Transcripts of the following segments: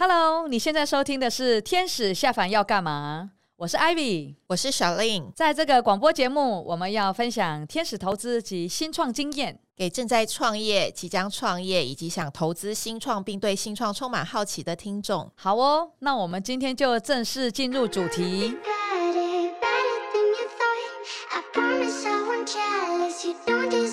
Hello，你現在收聽的是《天使下凡要幹嘛》？我是 Ivy，我是小令。在這個廣播節目，我們要分享天使投資及新創經驗，給正在創業、即將創業以及想投資新創並對新創充滿好奇的聽眾。好哦，那我們今天就正式進入主題。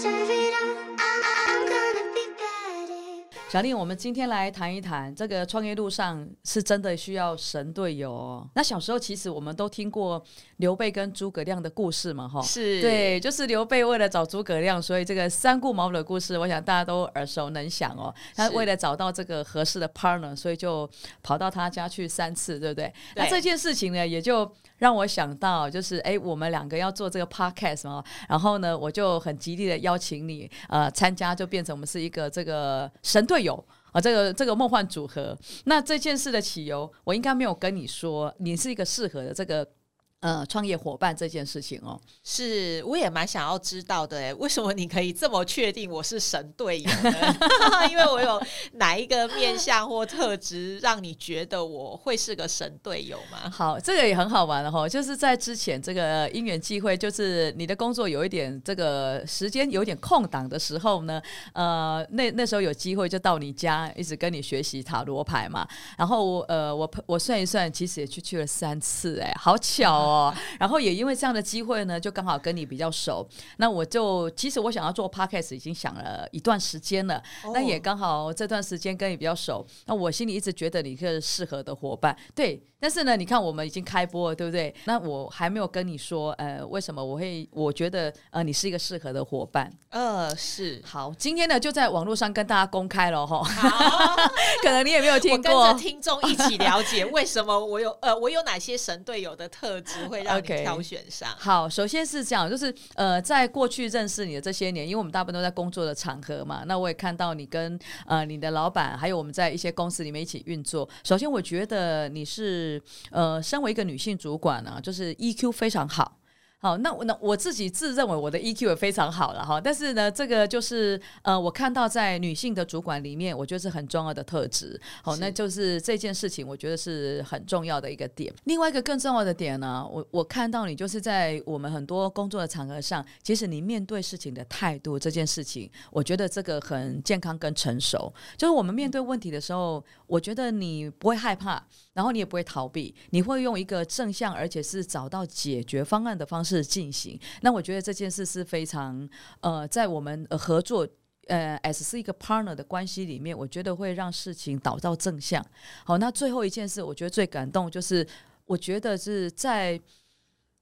小麗，我們今天來談一談這個創業路上是真的需要神隊友哦。那小時候其實我們都聽過劉備跟諸葛亮的故事嘛哦，哈是，是對，就是劉備為了找諸葛亮，所以這個三顧茅廬的故事，我想大家都耳熟能詳哦。是他為了找到這個合適的 partner，所以就跑到他家去三次，對不對？對，那這件事情呢，也就。讓我想到就是，哎，我們兩個要做這個 podcast 嘛，然後呢，我就很極力的邀請你，呃，參加，就變成我們是一個這個神隊友啊、呃，這個這個夢幻組合。那這件事的起由，我應該沒有跟你說，你是一個適合的這個。呃，創業夥伴這件事情哦，是我也蠻想要知道的哎，為什麼你可以這麼確定我是神隊友呢？ 因為我有哪一個面向或特質讓你覺得我會是個神隊友嗎？好，這個也很好玩的、哦、哈，就是在之前這個因緣際會，就是你的工作有一點這個時間有點空檔的時候呢，呃，那那時候有機會就到你家，一直跟你學習塔羅牌嘛。然後我呃，我我算一算，其實也去去了三次哎，好巧。哦。嗯哦， 然後也因為這樣的機會呢，就剛好跟你比較熟。那我就其實我想要做 podcast 已經想了一段時間了，那、oh. 也剛好這段時間跟你比較熟。那我心裡一直覺得你是適合的夥伴，對。但是呢，你看我們已經開播了，對不對？那我還沒有跟你說，呃，為什麼我會我覺得呃，你是一個適合的夥伴。呃，是。好，今天呢就在網絡上跟大家公開了哈。好 可能你也沒有聽過。我跟着聽眾一起了解為什麼我有 呃，我有哪些神隊友的特質會讓你挑選上。Okay. 好，首先是這樣，就是呃，在過去認識你的這些年，因為我們大部分都在工作的場合嘛，那我也看到你跟呃你的老板，還有我們在一些公司裡面一起運作。首先，我覺得你是。呃，身為一個女性主管呢、啊，就是 EQ 非常好。好，那我那我自己自認為我的 EQ 也非常好了哈。但是呢，這個就是呃，我看到在女性的主管裡面，我覺得是很重要的特質。好，是那就是這件事情，我覺得是很重要的一個點。另外一個更重要的點呢、啊，我我看到你就是在我們很多工作的場合上，其實你面對事情的態度這件事情，我覺得這個很健康跟成熟。就是我們面對問題的時候，嗯、我覺得你不會害怕。然後你也不會逃避，你會用一個正向，而且是找到解決方案的方式進行。那我覺得這件事是非常，呃，在我們合作，呃，as 是一個 partner 的關係裡面，我覺得會讓事情導到正向。好，那最後一件事，我覺得最感動就是，我覺得是在，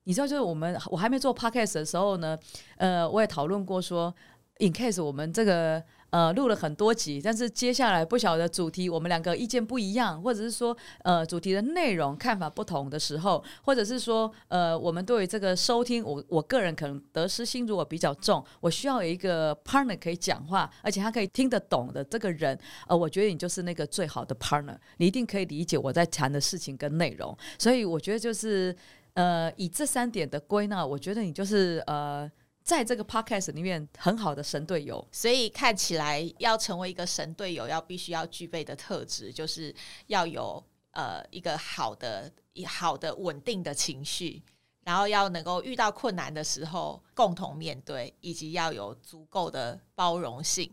你知道，就是我們我還沒做 podcast 的時候呢，呃，我也討論過說，in case 我們這個。呃，錄了很多集，但是接下來不曉得主題，我們兩個意見不一樣，或者是說，呃，主題的內容看法不同的時候，或者是說，呃，我們對於這個收聽，我我個人可能得失心如果比較重，我需要有一個 partner 可以講話，而且他可以聽得懂的這個人，呃，我覺得你就是那個最好的 partner，你一定可以理解我在談的事情跟內容，所以我覺得就是，呃，以這三點的歸納，我覺得你就是呃。在這個 Podcast 裡面，很好的神隊友，所以看起來要成為一個神隊友，要必須要具備的特質，就是要有呃一個好的、一個好的穩定的情緒，然後要能夠遇到困難的時候共同面對，以及要有足夠的包容性。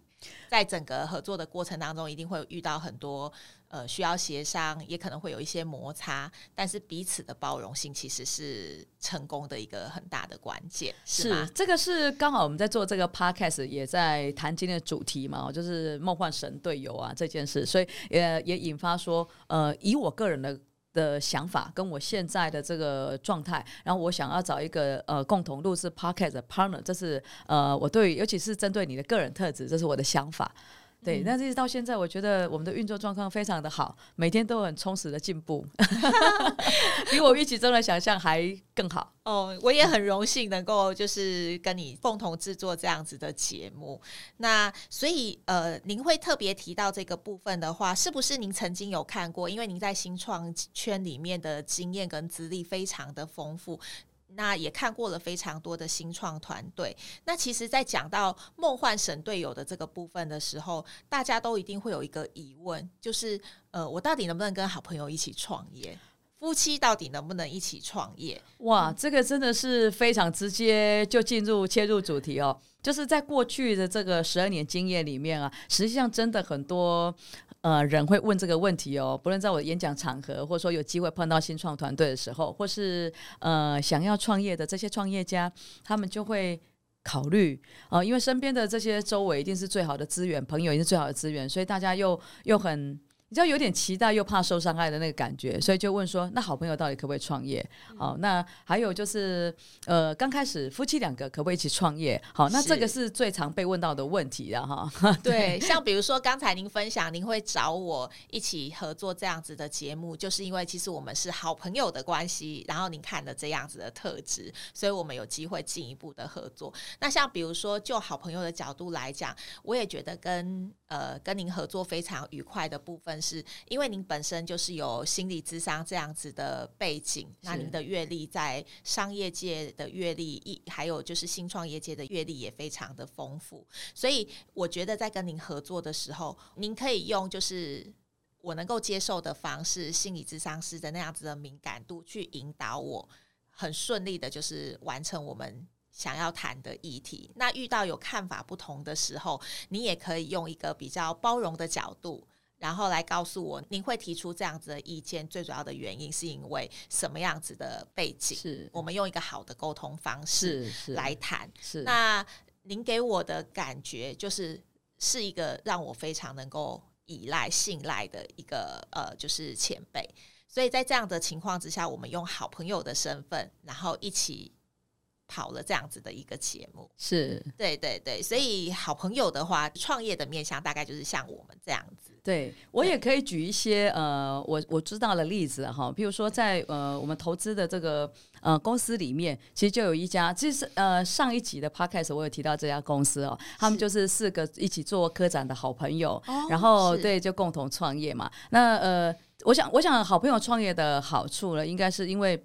在整個合作的過程當中，一定會遇到很多。呃，需要協商，也可能會有一些摩擦，但是彼此的包容性其實是成功的一個很大的關鍵，是嗎？這個是剛好我們在做這個 podcast，也在談今天的主題嘛，就是夢幻神隊友啊這件事，所以也也引發說，呃，以我個人的的想法，跟我現在的這個狀態，然後我想要找一個呃共同錄制 podcast 的 partner，這是呃我對，尤其是針對你的個人特質，這是我的想法。對，但是一直到現在，我覺得我們的運作狀況非常的好，每天都很充實的進步， 比我預期中的想象還更好。哦，我也很榮幸能夠就是跟你共同制作這樣子的節目。嗯。那所以，呃，您會特別提到這個部分的話，是不是您曾經有看過？因為您在新創圈裡面的經驗跟資歷非常的豐富。那也看過了非常多的新創團隊。那其實，在講到夢幻神隊友的這個部分的時候，大家都一定會有一個疑問，就是呃，我到底能不能跟好朋友一起創業？夫妻到底能不能一起創業？哇，這個真的是非常直接就進入切入主題哦。就是在過去的這個十二年經驗裡面啊，實際上真的很多。呃，人會問這個問題哦，不論在我的演講場合，或者說有機會碰到新創團隊的時候，或是呃想要創業的這些創業家，他們就會考慮，呃，因為身邊的這些周圍一定是最好的資源，朋友一定是最好的資源，所以大家又又很。就有點期待又怕受傷害的那個感覺，所以就問說：“那好朋友到底可不可以創業？”嗯、好，那還有就是，呃，剛開始夫妻兩個可不可以一起創業？好，那這個是最常被問到的問題了是哈。對，對，像比如說剛才您分享，您會找我一起合作這樣子的節目，就是因為其實我們是好朋友的關係，然後您看了這樣子的特質，所以我們有機會進一步的合作。那像比如說，就好朋友的角度來講，我也覺得跟。呃，跟您合作非常愉快的部分是，因為您本身就是有心理諮商這樣子的背景，是那您的閱歷在商業界的閱歷，一還有就是新創業界的閱歷也非常的豐富，所以我覺得在跟您合作的時候，您可以用就是我能夠接受的方式，心理諮商師的那樣子的敏感度去引導我，很順利的就是完成我們。想要談的議題，那遇到有看法不同的時候，你也可以用一個比較包容的角度，然後來告訴我，您會提出這樣子的意見，最主要的原因是因為什麼樣子的背景？是我們用一個好的溝通方式來談。那您給我的感覺就是是一個讓我非常能夠依賴、信賴的一個呃，就是前輩。所以在這樣的情況之下，我們用好朋友的身份，然後一起。跑了這樣子的一個節目，是對對對，所以好朋友的話，創業的面向大概就是像我們這樣子。對，我也可以舉一些對呃，我我知道的例子哈，比如說在呃我們投資的這個呃公司裡面，其實就有一家，其實呃上一集的 podcast 我有提到這家公司哦，他們就是四個一起做科展的好朋友，是然後對，就共同創業嘛。那呃，我想我想好朋友創業的好處呢，應該是因為。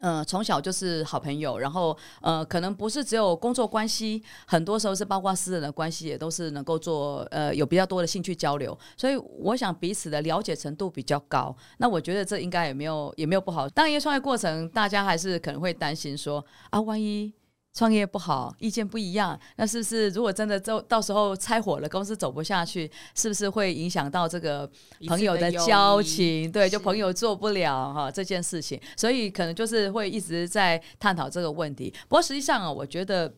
嗯，從小就是好朋友，然後呃，可能不是只有工作關係，很多時候是包括私人的關係，也都是能夠做呃有比較多的興趣交流，所以我想彼此的了解程度比較高。那我覺得這應該也沒有也沒有不好，當一個創業過程，大家還是可能會擔心說啊，萬一。創業不好，意見不一樣。那是不是如果真的就到時候拆夥了，公司走不下去，是不是會影響到這個朋友的交情？對，是就朋友做不了哈這件事情，所以可能就是會一直在探討這個問題。不過實際上啊，我覺得。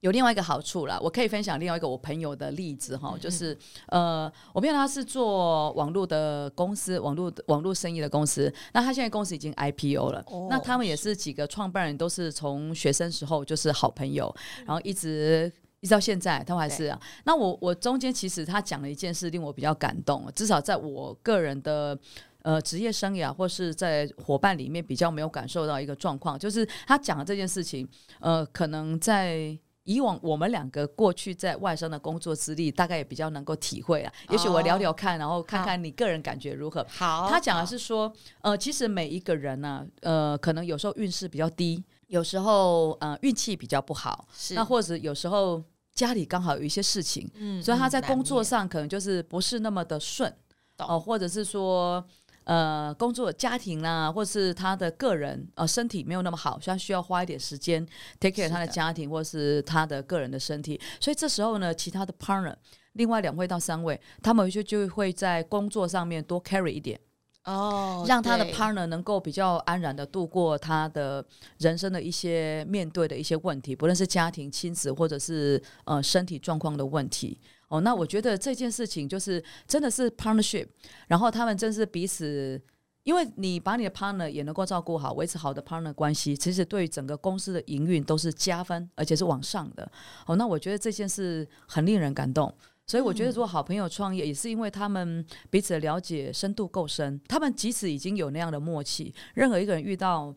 有另外一個好處啦，我可以分享另外一個我朋友的例子哈，嗯、哼就是呃，我朋友他是做網絡的公司，網絡網絡生意的公司，那他現在公司已經 IPO 了，哦、那他們也是幾個創辦人都是從學生時候就是好朋友，嗯、然後一直一直到現在他們還是、啊。對那我我中間其實他講了一件事令我比較感動，至少在我個人的呃職業生涯或是在夥伴裡面比較沒有感受到一個狀況，就是他講的這件事情，呃，可能在。以往我們兩個過去在外商的工作資歷，大概也比較能夠體會啊。哦、也許我聊聊看，然後看看你個人感覺如何。好，他講的是說，哦、呃，其實每一個人呢、啊，呃，可能有時候運勢比較低，有時候呃運氣比較不好，是那或者有時候家裡剛好有一些事情，是所以他在工作上可能就是不是那麼的順哦、嗯呃，或者是說。呃，工作、家庭呢、啊，或是他的個人呃，身體沒有那麼好，所以他需要花一點時間 take care 他的家庭是的或是他的個人的身體，所以這時候呢，其他的 partner，另外兩位到三位，他們就就會在工作上面多 carry 一點哦，oh, 讓他的 partner 對能夠比較安然地度過他的人生的一些面對的一些問題，不論是家庭、親子或者是呃身體狀況的問題。哦，oh, 那我覺得這件事情就是真的是 partnership，然後他們真是彼此，因為你把你的 partner 也能夠照顧好，維持好的 partner 關係，其實對於整個公司的營運都是加分，而且是往上的。哦，oh，那我覺得這件事很令人感動，所以我覺得如果好朋友創業，也是因為他們彼此的了解深度夠深，他們即使已經有那樣的默契，任何一個人遇到。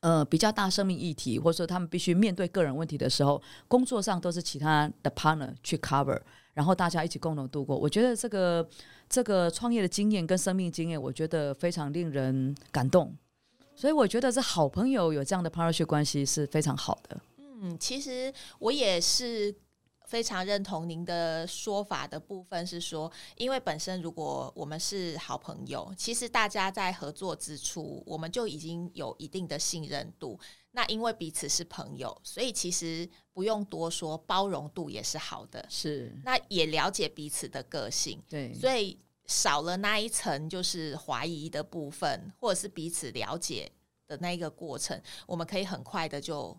呃，比較大生命議題，或者說他們必須面對個人問題的時候，工作上都是其他的 partner 去 cover，然後大家一起共同度過。我覺得這個這個創業的經驗跟生命經驗，我覺得非常令人感動。所以我覺得這好朋友有這樣的 partnership 關係是非常好的。嗯，其實我也是。非常認同您的說法的部分是說，因為本身如果我們是好朋友，其實大家在合作之初，我們就已經有一定的信任度。那因為彼此是朋友，所以其實不用多說，包容度也是好的。是，那也了解彼此的個性。對，所以少了那一層就是懷疑的部分，或者是彼此了解的那一個過程，我們可以很快的就。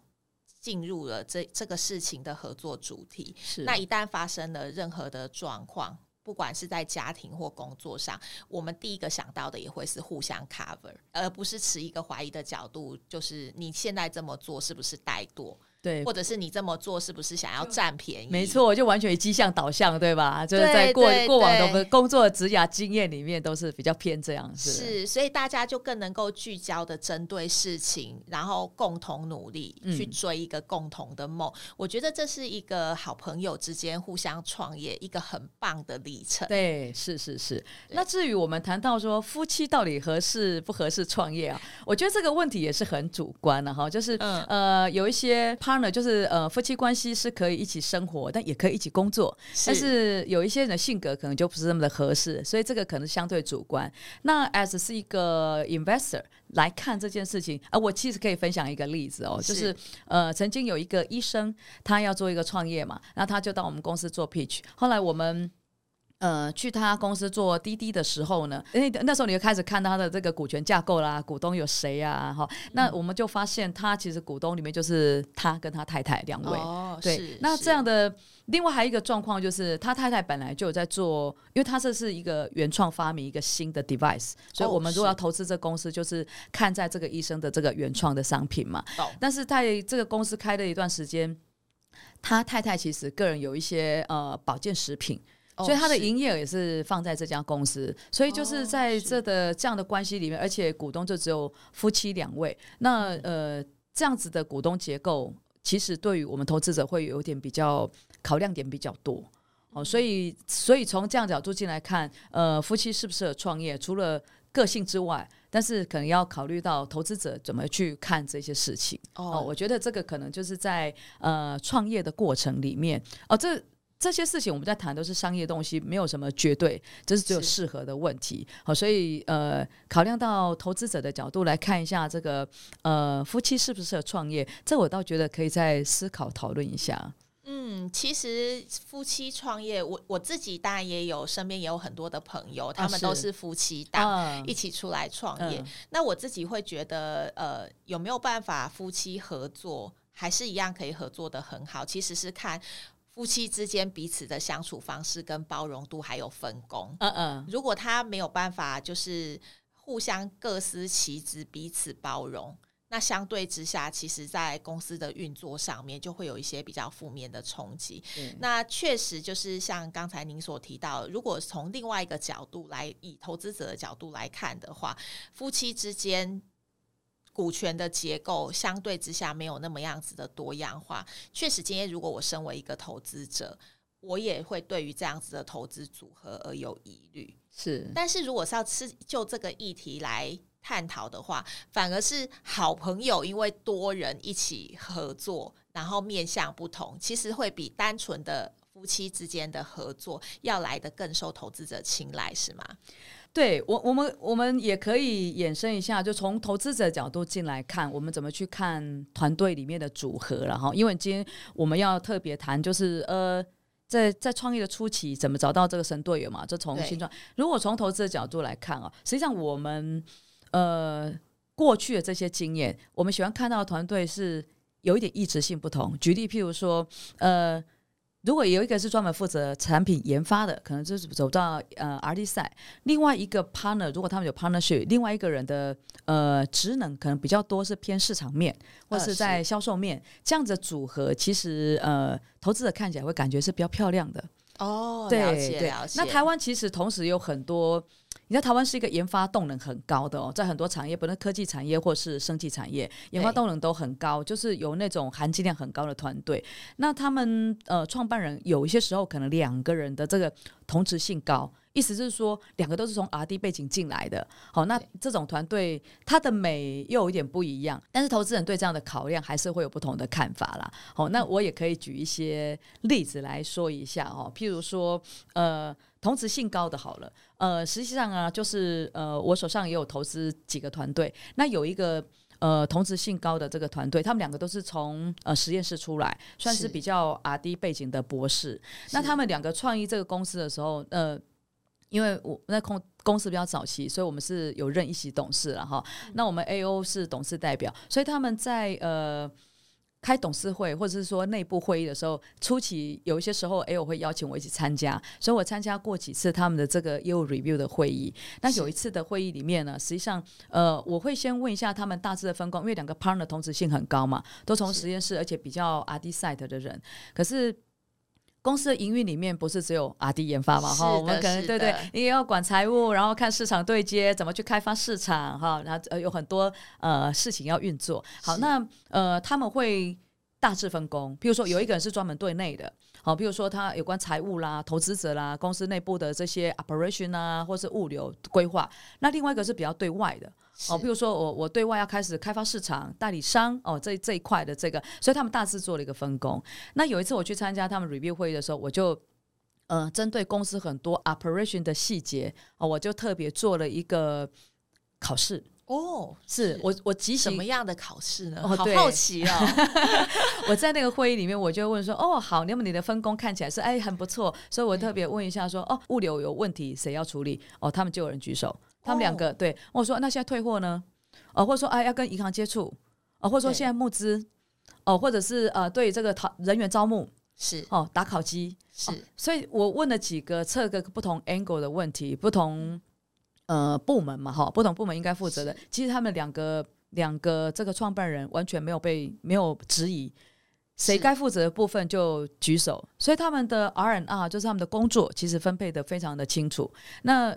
進入了這這個事情的合作主題。是那，一旦發生了任何的狀況，不管是在家庭或工作上，我們第一個想到的也會是互相 cover，而不是持一個懷疑的角度，就是你現在這麼做是不是怠惰？對，或者是你這麼做是不是想要佔便宜？沒錯，我就完全以跡象導向，對吧？對，就是在過過往的工作職涯經驗裡面，都是比較偏這樣子。是，的是，所以大家就更能夠聚焦的針對事情，然後共同努力去追一個共同的夢。嗯、我覺得這是一個好朋友之間互相創業一個很棒的歷程。對，是是是。對那至於我們談到說夫妻到底合適不合適創業啊？我覺得這個問題也是很主觀的、啊、哈。就是、嗯、呃，有一些。當然了，就是呃，夫妻關係是可以一起生活，但也可以一起工作。是，但是有一些人的性格可能就不是那麼的合適，所以這個可能相對主觀。那 As a, 是一個 investor 來看這件事情，呃，我其實可以分享一個例子哦，是就是呃，曾經有一個醫生，他要做一個創業嘛，那他就到我們公司做 pitch，後來我們。呃，去他公司做 DD 的時候呢，因為那時候你就開始看他的這個股權架構啦，股東有誰呀？啊，哈，那我們就發現他其實股東裡面就是他跟他太太兩位。哦，對，是那這樣的，啊，另外還有一個狀況就是，他太太本來就有在做，因為他這是一個原創發明一個新的 device，所以我們如果要投資這個公司，就是看在這個醫生的這個原創的商品嘛。哦，但是在這個公司開了一段時間，他太太其實個人有一些呃保健食品。所以他的營業額也是放在這家公司，哦、所以就是在這的這樣的關係裡面，哦、而且股東就只有夫妻兩位。那呃，這樣子的股東結構，其實對於我們投資者會有點比較考量點比較多哦。所以，所以從這樣的角度進來看，呃，夫妻是不是適合創業，除了個性之外，但是可能要考慮到投資者怎麼去看這些事情哦，哦。我覺得這個可能就是在呃創業的過程裡面哦這。這些事情我們在談都是商業東西，沒有什麼絕對，這是只有適合的問題。是好，所以呃，考量到投資者的角度來看一下這個呃夫妻是不是適合創業，這我倒覺得可以再思考討論一下。嗯，其實夫妻創業，我我自己當然也有，身邊也有很多的朋友，他們都是夫妻檔、啊、一起出來創業。嗯、那我自己會覺得，呃，有沒有辦法夫妻合作，還是一樣可以合作得很好？其實是看。夫妻之間彼此的相處方式，跟包容度還有分工。嗯嗯、uh，uh、如果他沒有辦法，就是互相各司其職、彼此包容，那相對之下，其實，在公司的運作上面，就會有一些比較負面的衝擊。嗯、那確實就是像剛才您所提到，如果從另外一個角度來，以投資者的角度來看的話，夫妻之間股權的結構相對之下沒有那麼樣子的多樣化，確實，今天如果我身為一個投資者，我也會對於這樣子的投資組合而有疑慮。是，但是如果是要吃就這個議題來探討的話，反而是好朋友，因為多人一起合作，然後面向不同，其實會比單純的夫妻之間的合作要來得更受投資者青睞，是嗎？對我，我們我們也可以衍生一下，就從投資者角度進來看，我們怎麼去看團隊裡面的組合，然後，因為今天我們要特別談，就是呃，在在創業的初期，怎麼找到這個神隊友嘛？就從新創，對如果從投資的角度來看啊，實際上我們呃過去的這些經驗，我們喜歡看到的團隊是有一點異質性不同。舉例，譬如說呃。如果有一個是專門負責產品研發的，可能就是走到呃 R D side；另外一個 partner，如果他們有 partnership，另外一個人的呃職能可能比較多是偏市場面或是在銷售面，啊、這樣子的組合其實呃投資者看起來會感覺是比較漂亮的。哦，對，了解了解，對那台灣其實同時有很多。你知道台灣是一個研發動能很高的哦，在很多產業，不論科技產業或是生技產業，研發動能都很高，欸、就是有那種含金量很高的團隊。那他們呃，創辦人有一些時候可能兩個人的這個。同質性高，意思就是說兩個都是從 R D 背景進來的，好，那這種團隊它的美又有一點不一樣，但是投資人對這樣的考量還是會有不同的看法啦。好，那我也可以舉一些例子來說一下哦，譬如說呃同質性高的好了，呃實際上啊就是呃我手上也有投資幾個團隊，那有一個。呃，同質性高的這個團隊，他們兩個都是從呃實驗室出來，算是比較 R D 背景的博士。是那他們兩個創意這個公司的時候，呃，因為我那公司比較早期，所以我們是有任一席董事了哈。嗯。那我們 A O 是董事代表，所以他們在呃。開董事會或者是說內部會議的時候，初期有一些時候，哎，我會邀請我一起參加，所以我參加過幾次他們的這個業務 review 的會議。但是有一次的會議裡面呢，實際上，呃，我會先問一下他們大致的分工，因為兩個 partner 的同質性很高嘛，都從實驗室，是而且比較 RD side 的人，可是，公司的營運裡面不是只有阿迪研發嘛？哈，我們可能對，對，你要管財務，然後看市場對接，怎麼去開發市場，哈，然後有很多呃事情要運作。好，是的 那呃他們會大致分工，比如說有一個人是專門對內的。好、哦，比如說他有關財務啦、投資者啦、公司內部的這些 operation 啊，或是物流規劃。那另外一個是比較對外的，好是，哦、譬如說我我對外要開始開發市場、代理商哦，這這一塊的這個，所以他們大致做了一個分工。那有一次我去參加他們 review 會議的時候，我就呃針對公司很多 operation 的細節、哦，我就特別做了一個考試。哦，是我我急什麼樣的考試呢？哦，好奇哦。 我在那個會議裡面，我就問說：“ 哦，好，那麼你的分工看起來是哎很不錯，所以我特別問一下說：嗯、哦，物流有問題誰要處理？哦，他們就有人舉手。哦、他們兩個對，我說那現在退貨呢？哦，或者說哎、啊、要跟銀行接觸？哦，或者說現在募資？對哦，或者是呃對這個人員招募是哦打考績是、哦，所以我問了幾個測個不同 angle 的問題，不同。呃，部門嘛，哈，不同部門應該負責的。是其實他們兩個兩個這個創辦人完全沒有被沒有質疑，誰該負責的部分就舉手。是所以他們的 R and R 就是他們的工作，其實分配得非常的清楚。那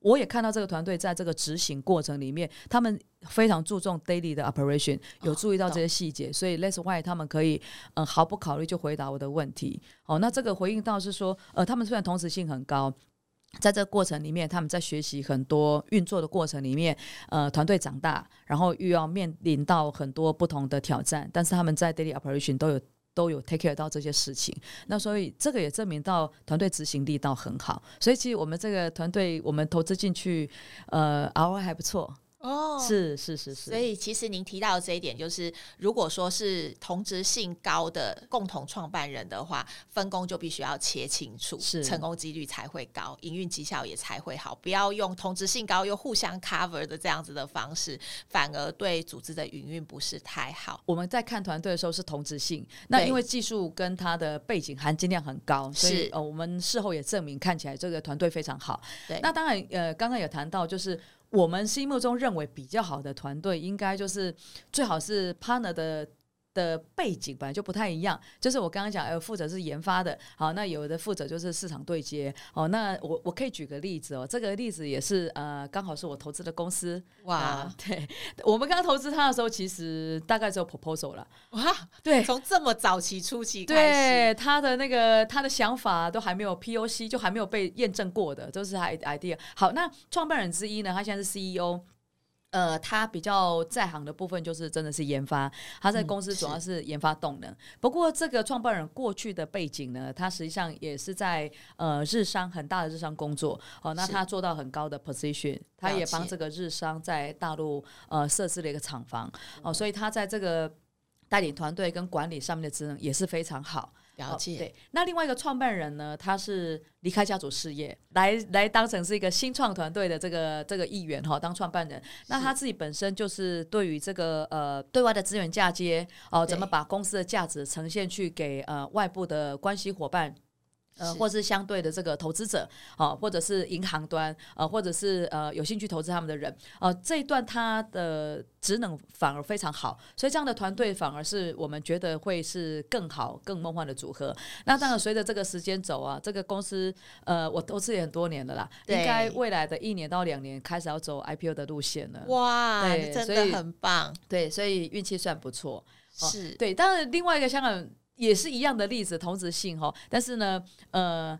我也看到這個團隊在這個執行過程裡面，他們非常注重 daily 的 operation，有注意到這些細節，哦、所以 that's why 他們可以呃毫不考慮就回答我的問題。好、哦，那這個回應倒是說，呃，他們雖然同時性很高。在這個過程裡面，他們在學習很多運作的過程裡面，呃，團隊長大，然後又要面臨到很多不同的挑戰，但是他們在 daily operation 都有都有 take care 到這些事情，那所以這個也證明到團隊執行力到很好，所以其實我們這個團隊我們投資進去，呃，ROI 還不錯。哦、oh，是是是是，是所以其實您提到的這一點，就是如果說是同質性高的共同創辦人的話，分工就必須要切清楚，是成功幾率才會高，營運績效也才會好。不要用同質性高又互相 cover 的這樣子的方式，反而對組織的營運不是太好。我們在看團隊的時候是同質性，那因為技術跟他的背景含金量很高，對所以呃，我們事後也證明，看起來這個團隊非常好。對，那當然呃，剛剛也談到就是。我們心目中認為比較好的團隊，應該就是最好是 partner 的。的背景本來就不太一樣，就是我剛剛講，呃、欸，負責是研發的，好，那有的負責就是市場對接，哦，那我我可以舉個例子哦，這個例子也是呃，剛好是我投資的公司，哇、呃，對，我們剛剛投資他的時候，其實大概只有 proposal 了，哇，對，從這麼早期初期開始，對，他的那個他的想法都還沒有 P O C，就還沒有被驗證過的，都、就是他 idea，好，那創辦人之一呢，他現在是 C E O。呃，他比較在行的部分就是真的是研發，他在公司主要是研發動能。嗯、不過這個創辦人過去的背景呢，他實際上也是在呃日商很大的日商工作哦，那他做到很高的 position，是他也幫這個日商在大陸呃設置了一個廠房，嗯、哦，所以他在這個帶領團隊跟管理上面的職能也是非常好。了解。Oh，那另外一個創辦人呢？他是離開家族事業，來來當成是一個新創團隊的這個這個議員哈，當創辦人。是那他自己本身就是對於這個呃對外的資源嫁接哦、呃，怎麼把公司的價值呈現去給對呃外部的關係夥伴？呃，或是相對的這個投資者啊，或者是銀行端，呃、啊，或者是呃有興趣投資他們的人，呃、啊，這一段他的職能反而非常好，所以這樣的團隊反而是我們覺得會是更好、更夢幻的組合。那當然，隨着這個時間走啊，這個公司呃，我投資也很多年了啦，對應該未來的一年到兩年開始要走 IPO 的路線了。哇，對，真的很棒。對，所以運氣算不錯。啊、是對，但是另外一個香港，也是一樣的例子，同質性哈，但是呢，呃，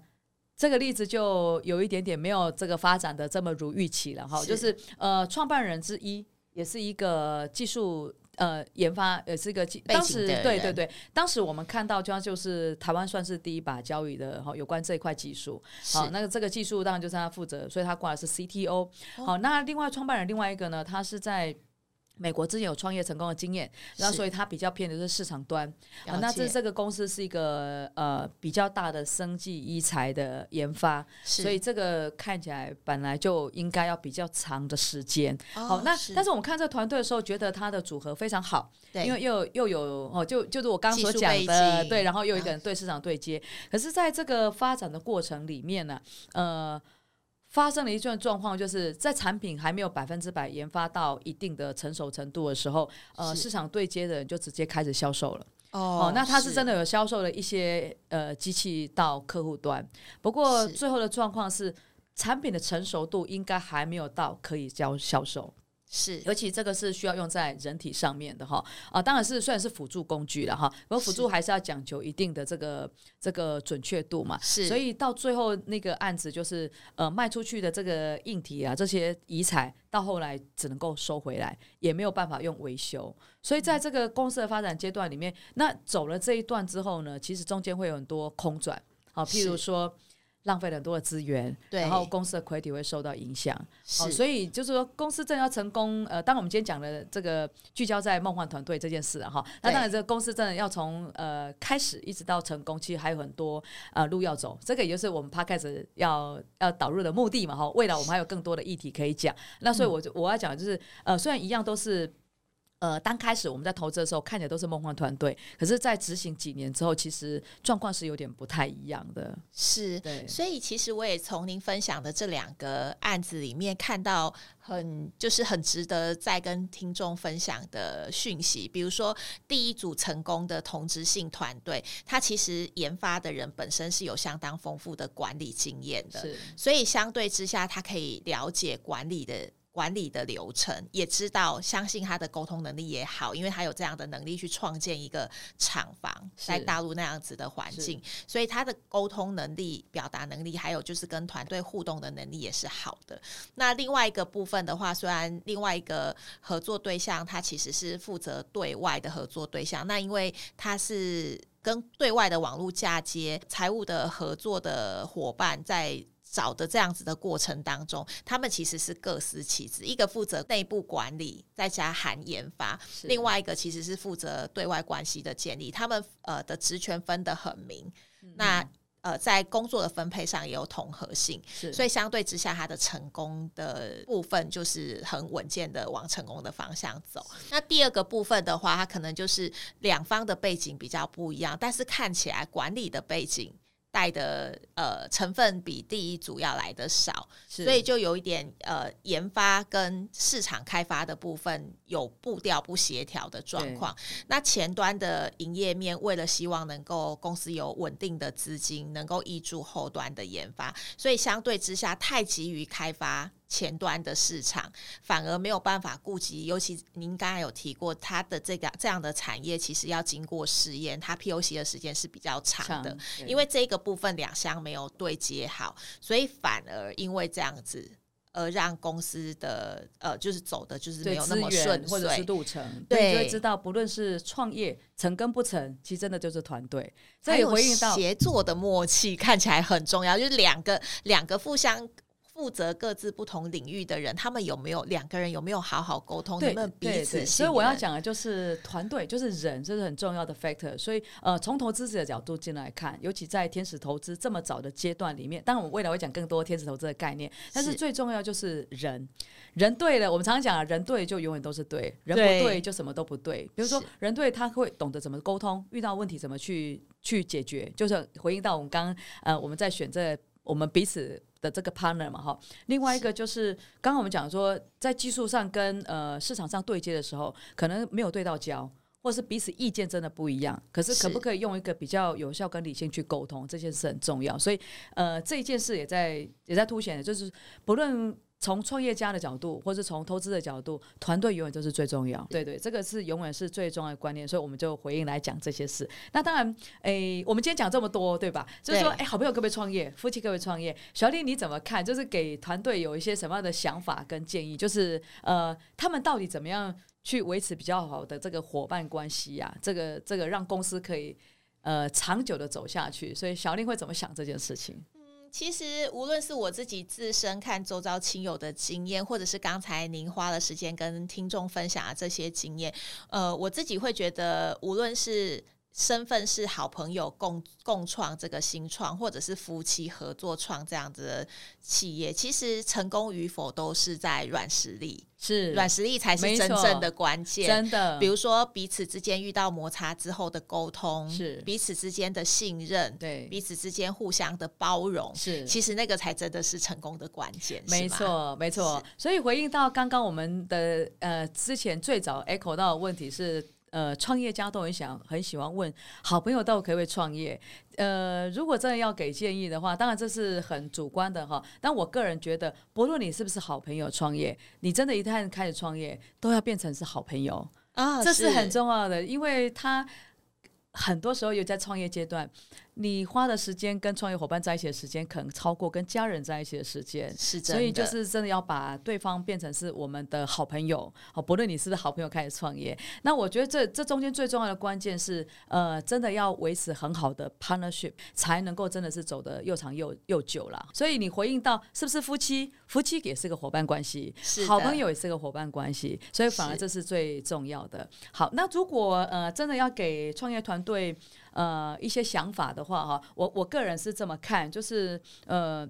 這個例子就有一點點沒有這個發展的這麼如預期了哈，是就是呃，創辦人之一也是一個技術呃研發，也是一個技，當時對對對，當時我們看到，就就是台灣算是第一把交椅的哈，有關這一塊技術，好，是那個這個技術當然就是他負責，所以他掛的是 CTO，好，哦，那另外創辦人另外一個呢，他是在。美國之前有創業成功的經驗，是然後所以它比較偏的是市場端。解呃、那這這個公司是一個呃比較大的生技、醫材的研發，是所以這個看起來本來就應該要比較長的時間。哦、好，那是但是我們看這個團隊的時候，覺得它的組合非常好，對因為又又有哦，就就是我剛剛所講的，對，然後又一個人對市場對接。啊、可是在這個發展的過程裡面呢、啊，呃。發生了一段狀況，就是在產品還沒有百分之百研發到一定的成熟程度的時候，呃，是市場對接的人就直接開始銷售了。哦，哦，是那他是真的有銷售了一些呃機器到客戶端，不過最後的狀況是，是產品的成熟度應該還沒有到可以交銷售，是，而且這個是需要用在人體上面的哈啊，當然是雖然是輔助工具了哈，不過輔助還是要講求一定的這個這個準確度嘛，是所以到最後那個案子就是呃賣出去的這個硬體啊這些遺產到後來只能夠收回來，也沒有辦法用維修，所以在這個公司的發展階段裡面，嗯、那走了這一段之後呢，其實中間會有很多空轉，好、啊，譬如說浪費很多的資源，對然後公司的 quality 會受到影響。是、哦，所以就是說，公司正要成功，呃，當然我們今天講的這個聚焦在夢幻團隊這件事了、啊、哈。對那當然，這個公司正要從呃開始一直到成功，其實還有很多呃路要走。這個也就是我們 Podcast 要要導入的目的嘛哈、哦。未來我們還有更多的議題可以講。是那所以，我我要講的就是呃，雖然一樣都是。呃，剛開始我們在投資的時候，看起來都是夢幻團隊，可是，在執行幾年之後，其實狀況是有點不太一樣的。是，對所以其實我也從您分享的這兩個案子裡面看到很，很、嗯、就是很值得再跟聽眾分享的訊息。比如說，第一組成功的同質性團隊，他其實研發的人本身是有相當豐富的管理經驗的，是所以相對之下，他可以了解管理的。管理的流程也知道，相信他的溝通能力也好，因為他有這樣的能力去創建一個廠房是在大陸那樣子的環境，是所以他的溝通能力、表達能力，還有就是跟團隊互動的能力也是好的。那另外一個部分的話，雖然另外一個合作對象他其實是負責對外的合作對象，那因為他是跟對外的網絡嫁接、財務的合作的夥伴在。找的這樣子的過程當中，他們其實是各司其職，一個負責內部管理，再加含研發；啊、另外一個其實是負責對外關係的建立。他們呃的職權分得很明，嗯、那呃在工作的分配上也有統合性，是所以相對之下，他的成功的部分就是很穩健的往成功的方向走。是那第二個部分的話，他可能就是兩方的背景比較不一樣，但是看起來管理的背景。帶的呃成分比第一組要來的少，是所以就有一點呃研發跟市場開發的部分有步調不協調的狀況。對那前端的營業面為了希望能夠公司有穩定的資金，能夠挹注後端的研發，所以相對之下太急於開發。前端的市場反而沒有辦法顧及，尤其您剛才有提過，它的這個這樣的產業其實要經過試驗，它 P O C 的時間是比較長的，長，因為這個部分兩相沒有對接好，所以反而因為這樣子而讓公司的呃就是走的就是沒有那麼順或者是路程，對，對，所以知道不論是創業成跟不成，其實真的就是團隊回應到協作的默契看起來很重要，就是兩個兩個互相。負責各自不同領域的人，他們有沒有兩個人有沒有好好溝通？有沒有彼此對對對？所以我要講的就是團隊，就是人，這、就是很重要的 factor。所以呃，從投資者的角度進來看，尤其在天使投資這麼早的階段裡面，當然我們未來會講更多天使投資的概念，但是最重要就是人，是人對了，我們常講啊，人對就永遠都是對，人不對就什麼都不對。比如說人對，他會懂得怎麼溝通，遇到問題怎麼去去解決，就是回應到我們剛剛呃我們在選擇我們彼此。的這個 partner 嘛，哈，另外一個就是，是剛剛我們講說，在技術上跟呃市場上對接的時候，可能沒有對到焦，或者是彼此意見真的不一樣，可是可不可以用一個比較有效跟理性去溝通，這件事很重要，所以呃這一件事也在也在凸顯，就是不論。從創業家的角度，或是從投資的角度，團隊永遠都是最重要。對，對對，這個是永遠是最重要的觀念，所以我們就回應來講這些事。那當然，誒，我們今天講這麼多，對吧？就是說，對誒，好朋友，各位創業，夫妻各位創業，小林你怎麼看？就是給團隊有一些什麼樣的想法跟建議？就是呃，他們到底怎麼樣去維持比較好的這個夥伴關係呀、啊？這個這個讓公司可以呃長久的走下去。所以小林會怎麼想這件事情？其實，無論是我自己自身看周遭親友的經驗，或者是剛才您花了時間跟聽眾分享的這些經驗，呃，我自己會覺得，無論是身份是好朋友共、共共創這個新創，或者是夫妻合作創這樣子企業，其實成功與否都是在軟實力，是軟實力才是真正的關鍵。真的，比如說彼此之間遇到摩擦之後的溝通，是彼此之間的信任，對彼此之間互相的包容，是其實那個才真的是成功的關鍵。沒錯，沒錯。所以回應到剛剛我們的呃之前最早 echo 到的問題是。呃，創業家都很想，很喜歡問好朋友到底可不可以創業。呃，如果真的要給建議的話，當然這是很主觀的哈。但我個人覺得，不論你是不是好朋友創業，你真的一旦開始創業，都要變成是好朋友啊，是，這是很重要的，因為他很多時候有在創業階段。你花的時間跟創業夥伴在一起的時間，可能超過跟家人在一起的時間，是的，所以就是真的要把對方變成是我們的好朋友。好，不論你是不是好朋友開始創業，那我覺得這這中間最重要的關鍵是，呃，真的要維持很好的 partnership，才能夠真的是走得又長又又久了。所以你回應到，是不是夫妻？夫妻也是個夥伴關係，的好朋友也是個夥伴關係，所以反而這是最重要的。是好，那如果呃真的要給創業團隊。呃，一些想法的話哈，我我個人是這麼看，就是呃，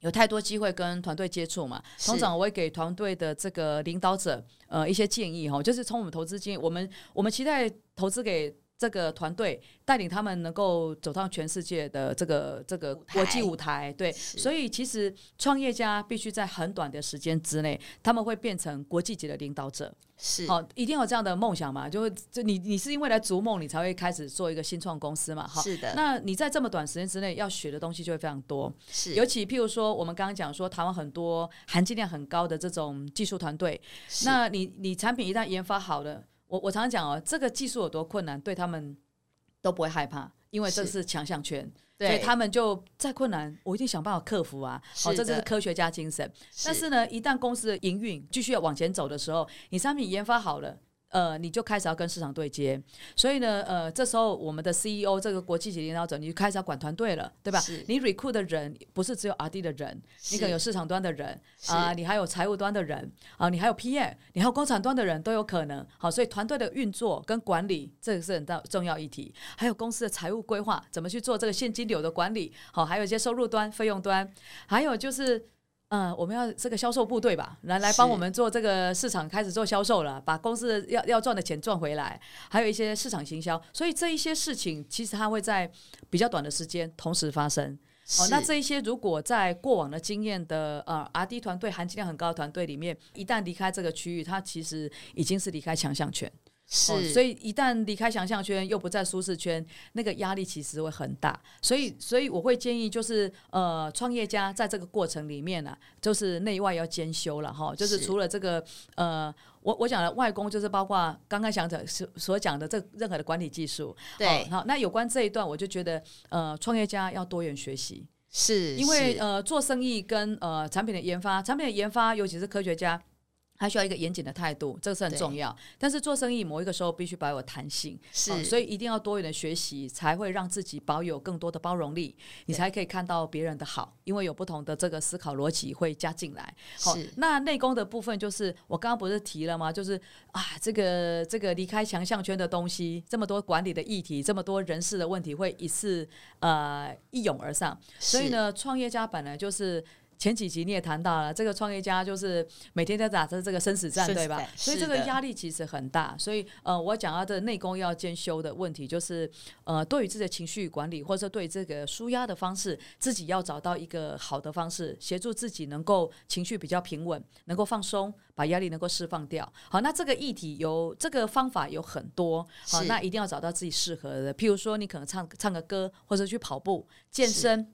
有太多機會跟團隊接觸嘛。通常我會給團隊的這個領導者呃一些建議哈，就是從我們投資進，我們我們期待投資給。這個團隊帶領他們能夠走上全世界的這個這個國際舞台，舞台對，是所以其實創業家必須在很短的時間之內，他們會變成國際級的領導者，是，好、哦，一定要有這樣的夢想嘛？就就你你是因為來逐夢，你才會開始做一個新創公司嘛？哈、哦，是的。那你在這麼短時間之內要學的東西就會非常多，是，尤其譬如說我們剛剛講說台灣很多含金量很高的這種技術團隊，是那你你產品一旦研發好了。我我常常講哦，這個技術有多困難，對他們都不會害怕，因為這是強項圈，對，所以他們就再困難，我一定想辦法克服啊。好的、哦，這就是科學家精神。是，但是呢，一旦公司的營運繼續要往前走的時候，你產品研發好了。嗯呃，你就開始要跟市場對接，所以呢，呃，這時候我們的 CEO 這個國際級領導者，你就開始要管團隊了，對吧？是你 recruit 的人不是只有 R&D 的人，是你可能有市場端的人啊是、呃，你還有財務端的人啊、呃，你還有 PM，你還有工廠端的人都有可能。好，所以團隊的運作跟管理這個是很大重要議題，還有公司的財務規劃怎麼去做這個現金流的管理，好，還有一些收入端、費用端，還有就是。嗯，我們要這個銷售部隊吧，來來幫我們做這個市場，開始做銷售了，是把公司要要賺的錢賺回來，還有一些市場行銷。所以這一些事情，其實它會在比較短的時間同時發生。好是、哦，那這一些如果在過往的經驗的呃 R D 團隊含金量很高的團隊裡面，一旦離開這個區域，它其實已經是離開強項權。是哦、所以一旦離開想象圈，又不在舒適圈，那個壓力其實會很大。所以，是所以我會建議，就是呃，創業家在這個過程裡面呢、啊，就是內外要兼修了哈、哦。就是除了這個是呃，我我講的外功，就是包括剛剛想講所所講的這任何的管理技術。對、哦。好，那有關這一段，我就覺得呃，創業家要多元學習，是因為是呃，做生意跟呃產品的研發，產品的研發，尤其是科學家。還需要一個嚴謹的態度，這個是很重要。對但是做生意某一個時候必須保有彈性，是、哦，所以一定要多元的學習，才會讓自己保有更多的包容力，對你才可以看到別人的好，因為有不同的這個思考邏輯會加進來。好是、哦，那內功的部分，就是我剛剛不是提了嗎？就是啊，這個這個離開強項圈的東西，這麼多管理的議題，這麼多人事的問題，會一次呃一擁而上。是所以呢，創業家本來就是。前幾集你也談到了這個創業家就是每天在打着這個生死戰，的對吧？是的 所以這個壓力其實很大。所以呃，我講到的內功要兼修的問題，就是呃，對於自己的情緒管理，或者說對這個紓壓的方式，自己要找到一個好的方式，協助自己能夠情緒比較平穩，能夠放鬆，把壓力能夠釋放掉。好，那這個議題有這個方法有很多，好，是 那一定要找到自己適合的。譬如說，你可能唱唱個歌，或者去跑步、健身。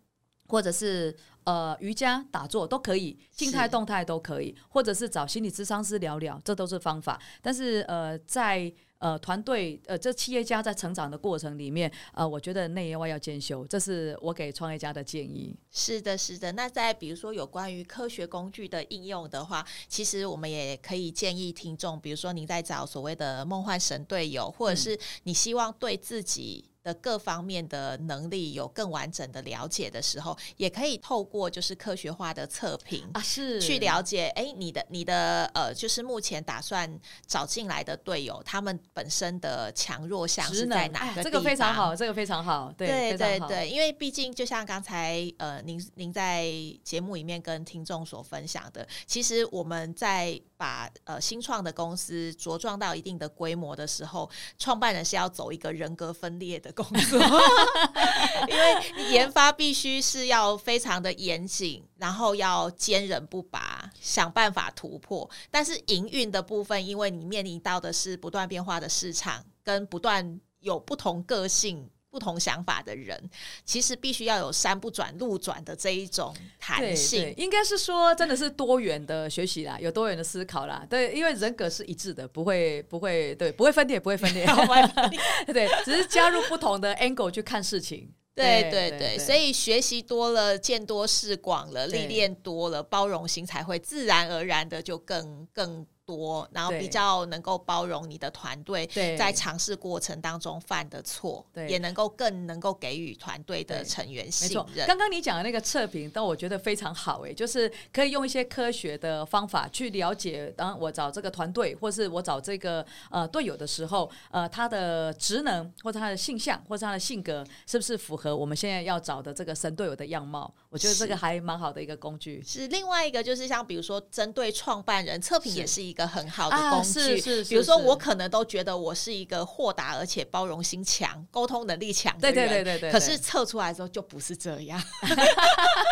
或者是呃瑜伽、打坐都可以，靜態動態都可以，或者是找心理諮商師聊聊，這都是方法。但是呃，在呃團隊呃這企業家在成長的過程裡面，呃，我覺得內外要兼修，這是我給創業家的建議。是的，是的。那在比如說有關於科學工具的應用的話，其實我們也可以建議聽眾，比如說您在找所謂的夢幻神隊友，或者是你希望對自己。的各方面的能力有更完整的了解的時候，也可以透過就是科學化的測評啊，是去了解哎、欸，你的你的呃，就是目前打算找進來的隊友，他們本身的強弱項是在哪個地方？這個非常好，這個非常好，對對，對對，因為畢竟就像剛才呃，您您在節目裡面跟聽眾所分享的，其實我們在把呃新創的公司茁壯到一定的規模的時候，創辦人是要走一個人格分裂的工作， 因為你研發必須是要非常的嚴謹，然後要堅韌不拔，想辦法突破。但是營運的部分，因為你面臨到的是不斷變化的市場，跟不斷有不同個性。不同想法的人，其實必須要有山不轉路轉的這一種彈性。對對，應該是說，真的是多元的學習啦，嗯、有多元的思考啦。對，因為人格是一致的，不會不會對，不會分裂不會分裂。 對，只是加入不同的 angle 去看事情。對對，對對，對，所以學習多了，見多識廣了，歷練多了，對包容心才會自然而然的就更更多，然後比較能夠包容你的團隊對在嘗試過程當中犯的錯，對也能夠更能夠給予團隊的成員信任。對對對沒錯，剛剛你講的那個測評，但我覺得非常好，欸，誒，就是可以用一些科學的方法去了解，當我找這個團隊或是我找這個呃隊友的時候，呃，他的職能或者他的性向或者他的性格是不是符合我們現在要找的這個神隊友的樣貌？我覺得這個還蠻好的一個工具。是，是另外一個，就是像比如說，針對創辦人測評也是一個很好的工具。是是是。啊、是是比如說，我可能都覺得我是一個豁達而且包容心強、溝通能力強，對，對對對對對。可是測出來之後就不是這樣。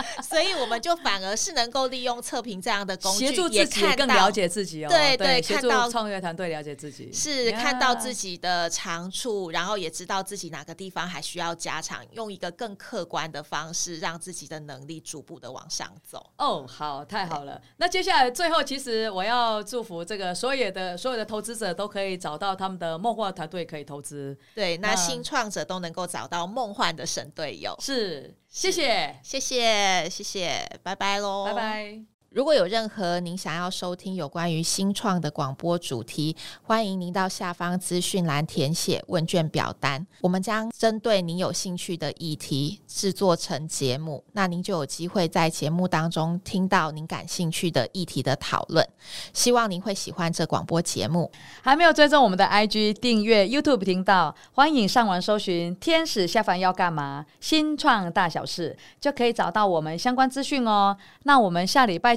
所以我們就反而是能夠利用測評這樣的工具，協助自己更了解自己。哦。對對，看到對對創業團隊了解自己，是 Yeah. 看到自己的長處，然後也知道自己哪個地方還需要加強，用一個更客觀的方式，讓自己的能力逐步的往上走。哦，oh, 好，太好了！對那接下來最後，其實我要祝福這個所有的所有的投資者都可以找到他們的夢幻團隊可以投資。對，那新創者都能夠找到夢幻的神隊友，嗯、是。是謝謝，是謝謝，謝謝，拜拜嘍，拜拜。如果有任何您想要收聽有關於新創的廣播主題，歡迎您到下方資訊欄填寫問卷表單，我們將針對您有興趣的議題製作成節目，那您就有機會在節目當中聽到您感興趣的議題的討論。希望您會喜歡這廣播節目。還沒有追蹤我們的 IG，訂閱 YouTube 頻道，歡迎上網搜尋“天使下凡要幹嘛”，新創大小事就可以找到我們相關資訊哦。那我們下禮拜